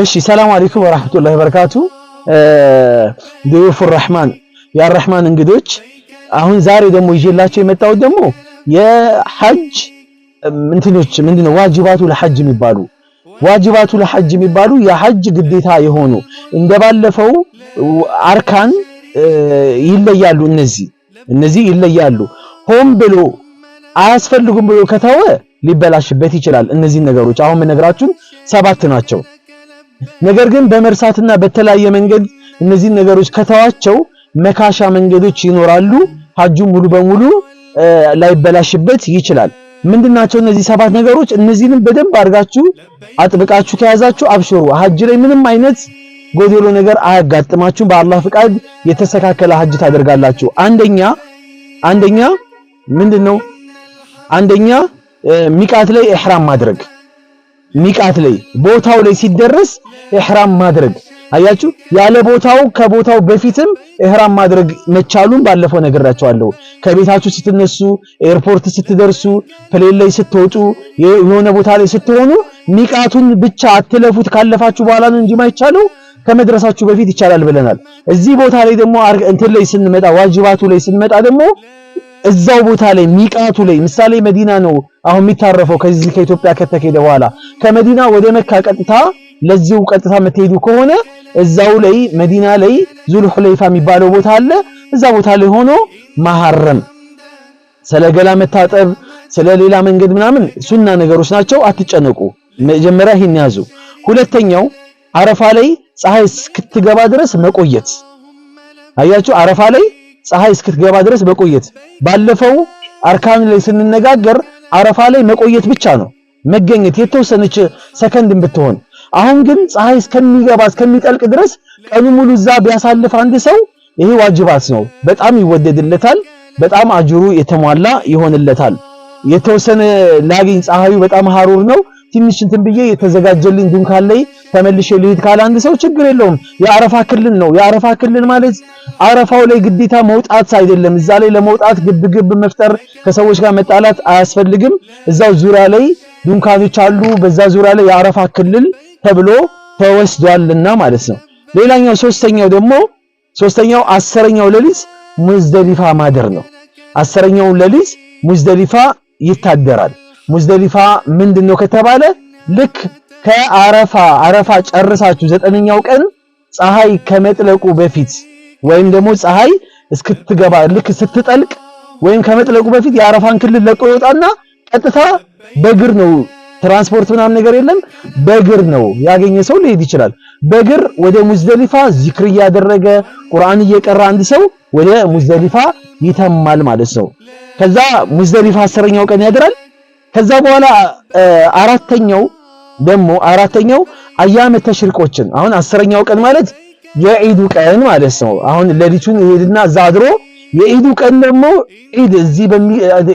እሺ ሰላም አለይኩም ወራህመቱላሂ ወበረካቱ። ድዩፉ ረህማን የአረህማን እንግዶች፣ አሁን ዛሬ ደግሞ ይዤላቸው የመጣሁት ደግሞ የሐጅ እንትኖች ምንድነው ዋጅባቱ ለሐጅ የሚባሉ ዋጅባቱ ለሐጅ የሚባሉ የሐጅ ግዴታ የሆኑ እንደባለፈው አርካን ይለያሉ። እነዚህ እነዚህ ይለያሉ። ሆን ብሎ አያስፈልጉም ብሎ ከተወ ሊበላሽበት ይችላል። እነዚህ ነገሮች አሁን መነግራችሁን ሰባት ናቸው። ነገር ግን በመርሳትና በተለያየ መንገድ እነዚህን ነገሮች ከተዋቸው መካሻ መንገዶች ይኖራሉ። ሀጁ ሙሉ በሙሉ ላይበላሽበት ይችላል። ምንድናቸው እነዚህ ሰባት ነገሮች? እነዚህንም በደንብ አድርጋችሁ አጥብቃችሁ ከያዛችሁ አብሽሩ፣ ሀጅ ላይ ምንም አይነት ጎደሎ ነገር አያጋጥማችሁም። በአላህ ፍቃድ የተስተካከለ ሀጅ ታደርጋላችሁ። አንደኛ አንደኛ ምንድነው? አንደኛ ሚቃት ላይ ኢህራም ማድረግ ሚቃት ላይ ቦታው ላይ ሲደረስ ኢህራም ማድረግ አያችሁ። ያለ ቦታው ከቦታው በፊትም ኢህራም ማድረግ መቻሉን ባለፈው ነግራችኋለሁ። ከቤታችሁ ስትነሱ፣ ኤርፖርት ስትደርሱ፣ ፕሌን ላይ ስትወጡ፣ የሆነ ቦታ ላይ ስትሆኑ ሚቃቱን ብቻ አትለፉት። ካለፋችሁ በኋላ ነው እንጂ ማይቻለው ከመድረሳችሁ በፊት ይቻላል ብለናል። እዚህ ቦታ ላይ ደግሞ እንትን ላይ ስንመጣ ዋጅባቱ ላይ ስንመጣ ደግሞ እዛው ቦታ ላይ ሚቃቱ ላይ ምሳሌ መዲና ነው አሁን የሚታረፈው ከዚህ ከኢትዮጵያ ከተሄደ በኋላ ከመዲና ወደ መካ ቀጥታ ለዚው ቀጥታ የምትሄዱ ከሆነ እዛው ላይ መዲና ላይ ዙል ሁለይፋ የሚባለው ቦታ አለ። እዛ ቦታ ላይ ሆኖ መሐረም ስለ ገላ መታጠብ፣ ስለ ሌላ መንገድ ምናምን ሱና ነገሮች ናቸው። አትጨነቁ። መጀመሪያ ይሄን ያዙ። ሁለተኛው አረፋ ላይ ፀሐይ እስክትገባ ድረስ መቆየት አያችሁ። አረፋ ላይ ፀሐይ እስክትገባ ድረስ መቆየት። ባለፈው አርካን ላይ ስንነጋገር አረፋ ላይ መቆየት ብቻ ነው መገኘት የተወሰነች ሰከንድን ብትሆን። አሁን ግን ፀሐይ እስከሚገባ እስከሚጠልቅ ድረስ ቀኑ ሙሉ እዛ ቢያሳልፍ አንድ ሰው ይሄ ዋጅባት ነው፣ በጣም ይወደድለታል። በጣም አጅሩ የተሟላ ይሆንለታል። የተወሰነ ላግኝ ፀሐዩ በጣም ሀሩር ነው። ትንሽ እንትን ብዬ የተዘጋጀልኝ ድንኳን ላይ ተመልሼ ልሂድ ካለ አንድ ሰው ችግር የለውም። የአረፋ ክልል ነው። የአረፋ ክልል ማለት አረፋው ላይ ግዴታ መውጣት አይደለም። እዛ ላይ ለመውጣት ግብ ግብ መፍጠር፣ ከሰዎች ጋር መጣላት አያስፈልግም። እዛው ዙሪያ ላይ ዱንካኖች አሉ። በዛ ዙሪያ ላይ የአረፋ ክልል ተብሎ ተወስዷልና ማለት ነው። ሌላኛው ሶስተኛው ደግሞ ሶስተኛው አስረኛው ሌሊት ሙዝደሊፋ ማደር ነው። አስረኛው ሌሊት ሙዝደሊፋ ይታደራል። ሙዝደሊፋ ምንድነው ከተባለ ልክ ከአረፋ አረፋ ጨርሳችሁ ዘጠነኛው ቀን ፀሐይ ከመጥለቁ በፊት ወይም ደግሞ ፀሐይ እስክትገባ ልክ ስትጠልቅ ወይም ከመጥለቁ በፊት የአረፋን ክልል ለቆ ይወጣና ቀጥታ በእግር ነው። ትራንስፖርት ምናምን ነገር የለም። በእግር ነው ያገኘ ሰው ሊሄድ ይችላል። በእግር ወደ ሙዝደሊፋ ዚክር እያደረገ ቁርአን እየቀራ አንድ ሰው ወደ ሙዝደሊፋ ይተማል ማለት ነው። ከዛ ሙዝደሊፋ አስረኛው ቀን ያድራል። ከዛ በኋላ አራተኛው ደግሞ አራተኛው አያመ ተሽሪቆችን አሁን አስረኛው ቀን ማለት የዒዱ ቀን ማለት ነው። አሁን ሌሊቱን ይሄድና እዛ አድሮ የዒዱ ቀን ደግሞ ዒድ እዚህ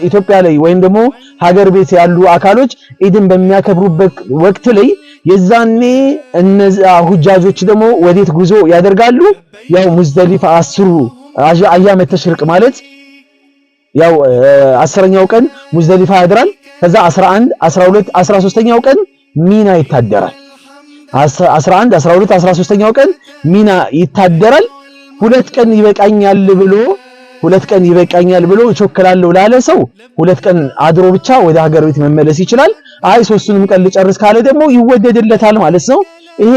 ኢትዮጵያ ላይ ወይም ደግሞ ሀገር ቤት ያሉ አካሎች ዒድን በሚያከብሩበት ወቅት ላይ የዛኔ እነዚያ ሁጃጆች ደግሞ ወዴት ጉዞ ያደርጋሉ? ያው ሙዝደሊፋ አስሩ አያመ ተሽሪቅ ማለት ያው አስረኛው ቀን ሙዝደሊፋ ያድራል። ከዛ 11 12 13ኛው ቀን ሚና ይታደራል። 11 12 13ኛው ቀን ሚና ይታደራል። ሁለት ቀን ይበቃኛል ብሎ ሁለት ቀን ይበቃኛል ብሎ እቾክላለሁ ላለ ሰው ሁለት ቀን አድሮ ብቻ ወደ ሀገር ቤት መመለስ ይችላል። አይ ሶስቱንም ቀን ልጨርስ ካለ ደግሞ ይወደድለታል ማለት ነው። ይሄ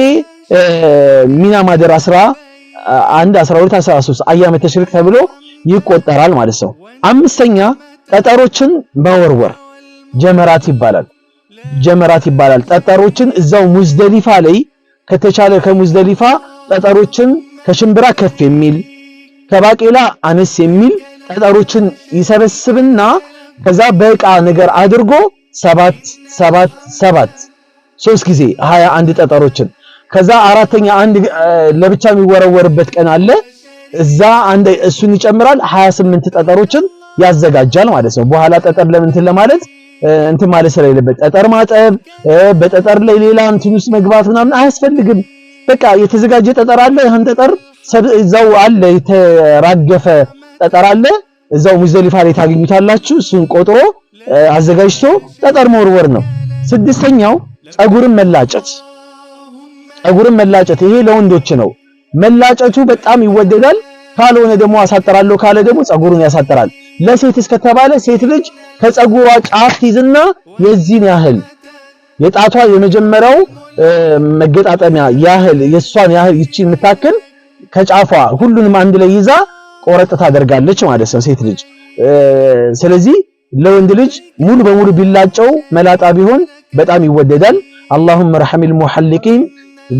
ሚና ማደር 11 12 13 አያመ ተሽሪቅ ተብሎ ይቆጠራል ማለት ነው። አምስተኛ ጠጠሮችን መወርወር ጀመራት ይባላል። ጀመራት ይባላል። ጠጠሮችን እዛው ሙዝደሊፋ ላይ ከተቻለ ከሙዝደሊፋ ጠጠሮችን ከሽምብራ ከፍ የሚል ከባቄላ አነስ የሚል ጠጠሮችን ይሰበስብና ከዛ በእቃ ነገር አድርጎ ሰባት ሰባት ሰባት ሶስት ጊዜ ሀያ አንድ ጠጠሮችን ከዛ አራተኛ አንድ ለብቻ የሚወረወርበት ቀን አለ። እዛ አንድ እሱን ይጨምራል 28 ጠጠሮችን ያዘጋጃል ማለት ነው። በኋላ ጠጠር ለምንትን ለማለት እንትን ማለት ስለሌለበት ጠጠር ማጠብ፣ በጠጠር ላይ ሌላ እንትን ውስጥ መግባት ምናምን አያስፈልግም። በቃ የተዘጋጀ ጠጠር አለ። ይሄን ጠጠር እዛው አለ፣ የተራገፈ ጠጠር አለ እዛው ሙዘሊፋ ላይ ታገኙታላችሁ። እሱን ቆጥሮ አዘጋጅቶ ጠጠር መወርወር ነው። ስድስተኛው ፀጉርን መላጨት፣ ጸጉርን መላጨት ይሄ ለወንዶች ነው። መላጨቱ በጣም ይወደዳል። ካልሆነ ደግሞ አሳጠራለሁ ካለ ደግሞ ፀጉሩን ያሳጥራል። ለሴት እስከተባለ ሴት ልጅ ከፀጉሯ ጫፍ ትይዝና የዚህን ያህል የጣቷ የመጀመሪያው መገጣጠሚያ ያህል የሷን ያህል ይቺ የምታክል ከጫፏ ሁሉንም አንድ ላይ ይዛ ቆረጥ ታደርጋለች ማለት ነው ሴት ልጅ። ስለዚህ ለወንድ ልጅ ሙሉ በሙሉ ቢላጨው መላጣ ቢሆን በጣም ይወደዳል። አላሁመ ረሐሚል ሙሐልቂን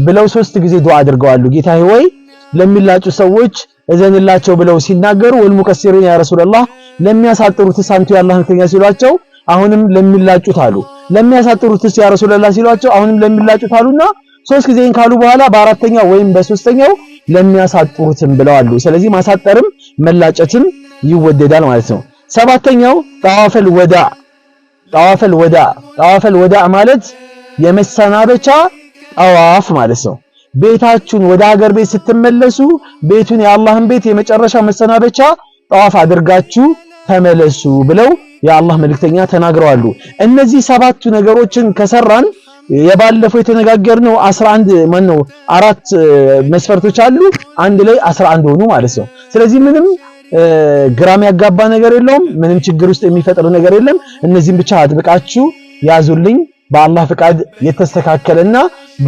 ብለው ሶስት ጊዜ ዱዓ አድርገዋሉ። ጌታ ሆይ ለሚላጩ ሰዎች እዘንላቸው ብለው ሲናገሩ ወል ወልሙቀሲሪን ያ ረሱላህ ለሚያሳጥሩት አንቱ ያላህ መልክተኛ ሲሏቸው አሁንም ለሚላጩት አሉ። ለሚያሳጥሩት ያ ረሱላህ ሲሏቸው አሁንም ለሚላጩት አሉና ሶስት ጊዜን ካሉ በኋላ በአራተኛው ወይም በሶስተኛው ለሚያሳጥሩትም ብለው አሉ። ስለዚህ ማሳጠርም መላጨትም ይወደዳል ማለት ነው። ሰባተኛው ጠዋፈል ወዳ ጠዋፈል ወዳ ጠዋፈል ወዳ ማለት የመሰናበቻ ጠዋፍ ማለት ነው። ቤታችሁን ወደ ሀገር ቤት ስትመለሱ ቤቱን የአላህን ቤት የመጨረሻ መሰናበቻ ጠዋፍ አድርጋችሁ ተመለሱ ብለው የአላህ መልእክተኛ ተናግረዋሉ። እነዚህ ሰባቱ ነገሮችን ከሰራን የባለፈው የተነጋገርነው 11 ማን ነው አራት መስፈርቶች አሉ አንድ ላይ 11 ሆኑ ማለት ነው። ስለዚህ ምንም ግራም ያጋባ ነገር የለውም። ምንም ችግር ውስጥ የሚፈጥር ነገር የለም። እነዚህም ብቻ አጥብቃችሁ ያዙልኝ። በአላህ ፍቃድ የተስተካከለና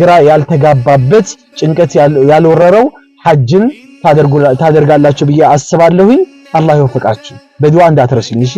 ግራ ያልተጋባበት ጭንቀት ያልወረረው ሐጅን ታደርጋላችሁ ብዬ አስባለሁኝ። አላህ ይወፍቃችሁ። በዱዓ እንዳትረሱኝ እሺ።